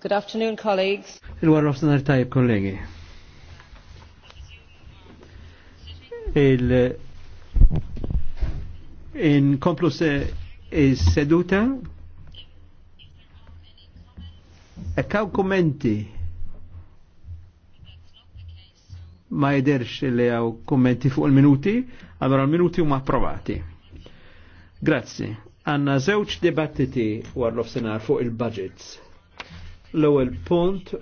Good afternoon, colleagues. Il-warra f'sanar tajib, kollegi. Il- Inkomplu se seduta. Ekkaw kommenti. Ma jiderx li għaw kommenti fuq il-minuti, allora il-minuti huma approvati. Grazzi. Għanna zewċ dibattiti warlof senar fuq il-budgets l-ewwel punt